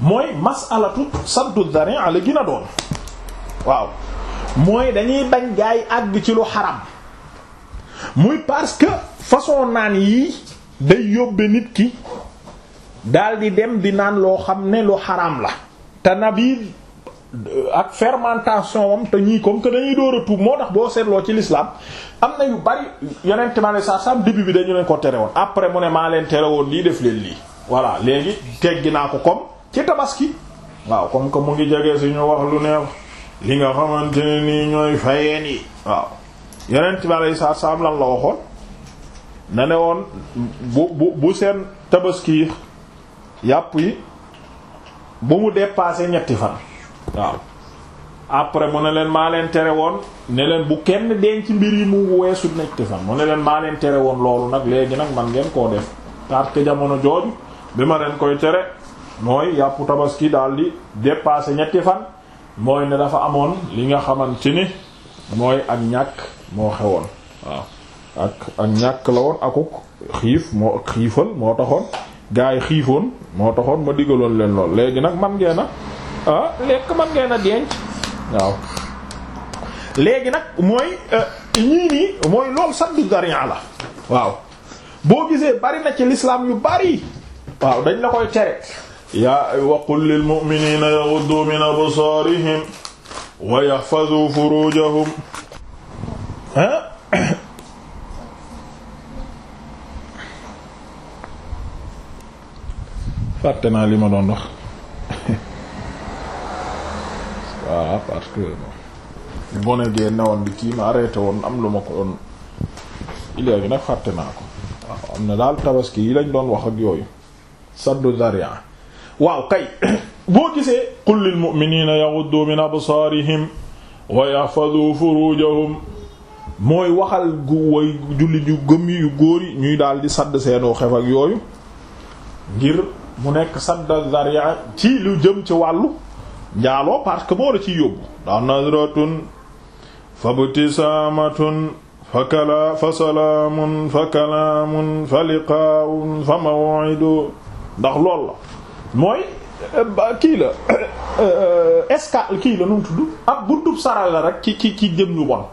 mooy masalatu saddu dhari ala gën a doon waaw mooy dañuy bañ gaay àgg ci lu xaram muy parce que façon naan yii day yóbbe nit ki daal di dem di naan loo xam ne lu xaram la te na nabi euh, ak fermentation am te ñuy comme que dañuy door a moo tax boo seetloo ci lislaam am na yu bari yonent ma ne saa sam début bi dañu leen ko tere woon après mu ne maa leen tere woon lii def leen lii voilà léegi teggi naa ko comme ci tabaski waaw comme que mu ngi jege si suñu wax lu neex li nga xamante ne nii ñooy fayeen yi waaw yeneen ci bari saa saam lan la waxoon na ne woon bu bu bu seen tabaski yàpp yi bu mu dépassé ñetti fan waaw après mu ne leen maa leen tere woon ne leen bu kenn denc mbir yi mu weesu ñetti fan mu ne leen maa leen tere woon loolu nag léegi nag man ngeen koo def parce que jamono jooju bi ma leen koy tere mooy yàppu tabaski daal di dépassé ñetti fan mooy ne dafa amoon li nga xamante ni mooy ak ñàkk moo xewoon waaw ak ak ñàkk la woon akuk xiif moo ak xiifal moo taxoon gaa yi xiifoon moo taxoon ma digaloon leen lool léegi nag man ngeen a ah, lekk man ngeen a denc waaw léegi nag mooy eh, ñii nii mooy lool saddu darian la waaw boo gisee bari na ci l'islam yu bari waaw dañ la koy tere yaa wa qul lil mu'miniina yaghuddu min absaarihim wa yahfadhu furuujahum fàtte naa li ma doon wax waaw gone gee newoon bi kii ma arrêté woon am luma ma ko doon léegi nag fàtte naa ko ah, am na daal tabaski yi lañ doon wax ak yooyu saddu dariya waaw kay boo gisee qul lil mu'minina yaghuddu min absaarihim wa yahfadhu furujahum mooy waxal gu way julli ñu yu góor ñuy daal di sadd seenoo xef ak yooyu ngir mu nekk sadda zaria ci lu jëm ci wàllu njaaloo parce que moo la yóbbu daa nazratun fa btisaamatun fa kala fa salaamun fa kalaamun ndax lool mooy euh, kii la euh, escale kii la nu mu tudd ab buntub saral la rek ci ci ci jëm ñu bon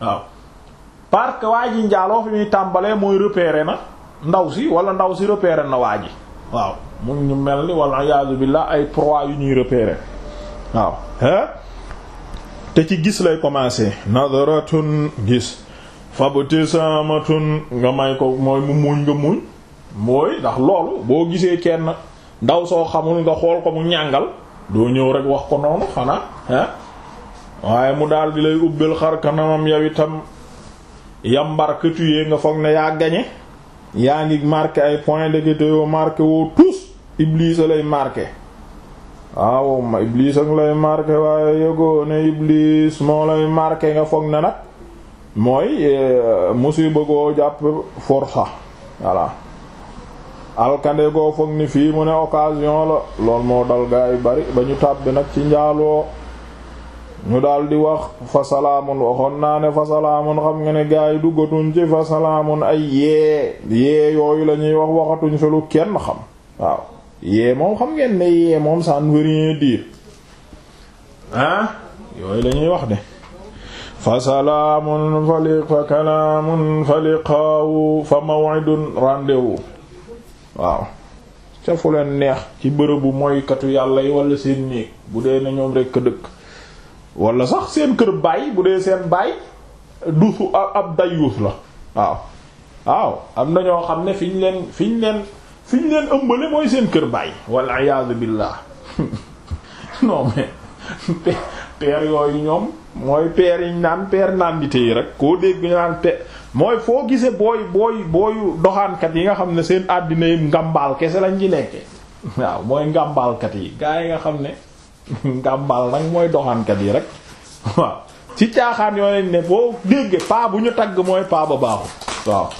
waaw parce que waa ji njaaloo fi muy tàmbalee mooy repérer na ndaw si wala ndaw si repérer na waa ji waaw mu ñu mel ni wala iyaazu billah ay proies yu ñuy repérer waaw te ci gis lay commencer nadaratun gis fabtisamatun nga may ko mooy mu muuñ nga muuñ mooy ndax loolu boo gisee kenn ndaw soo xamul nga xool ko mu ñàngal doo ñëw rek wax ko noonu xanaa ah waaye mu daal di lay ubbil xar kanamam yow itam yambar que tu nga foog na yaa gañe yaa ngi marqué ay point ndekete yoo marqué woo tous Iblis lay marqué waaw ma Iblis lay marqué waaye yëgoo ne Iblis moo lay marqué nga foog na nag mooy eh, musiba goo jàpp força voilà alkande goo foog ni fii mu ne occasion la lool moo dal gaa yu bari ba ñu tàbbi nag ci njaaloo ñu daldi wax fa salaamun waxoon naa ne fa salaamun xam nga ne gaa yi ci fa salaamun ay yee yooyu lañuy wax waxatuñ fi lu kenn xam waaw yee moom xam ngeen ne yee moom ça ne veut ah yooyu la wax de fa salaamun fa li fa kalaamun fa liqaawu fa maw'idun rendez-vous waaw ca fu leen neex ci bërëbu moykatu yàlla yi wala seen néeg bu dee ne ñoom rekk dëkk wala sax seen kër baay bu dee seen baay dusu ab dayuus la waaw waaw am na ñoo xam ne fi ñu leen fi ñu leen fi ñu leen ëmbale mooy seen kër baay walla iyaadu billah non mais peer yooyu ñoom mooy peer yi naan peer nandite yi rek koo dégg ñu naan peer mooy foo gisee booy booy booyu doxaankat yi nga xam ne seen àddina yi ngàmbaal kese lañ ci nekke waaw mooy ngàmbaalkat yi gaa yi nga xam ne ngàmbaal nag mooy doxaankat yi rek waaw ci caaxaan yoo ne boo dégg paa bu ñu tagg mooy paa ba baaxut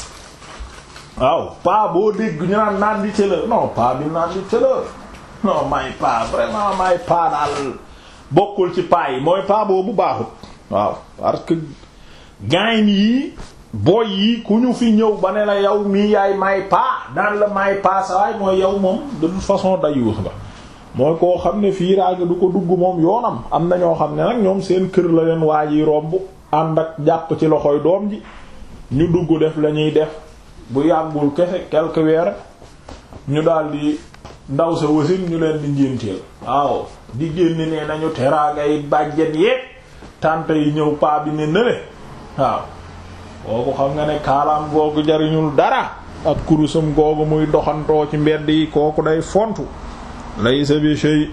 waaw paa boo dégg ñu naan naan di cëla paa bi naan di cëla may paa vraiment may paa daal bokkul ci paa yi mooy paa boobu baaxut waaw parce que gain yi boy yi ku ñu fi ñëw ba ne la yow mii yaay may paa daan la may paa sawaay mooy yow moom de toute façon dayuus nga mooy koo xam ne fii raage du ko dugg moom yoonam am na ñoo xam ne nag ñoom seen kër la leen waa ji romb ànd ak jàpp ci loxoy doom ji ñu dugg def la ñuy def bu yàggul kese quelques weer ñu daldi ndaw sa wasin ñu leen di njéemteel waaw di génn ne nañu teraanga yi bàjjen yeeg tànte yi ñëw paa bi ne nële waaw kooku xam nga ne kaalaam googu jariñul dara ak kurusam googu muy doxantoo ci mbedd yi kooku day fontu laysa bi shay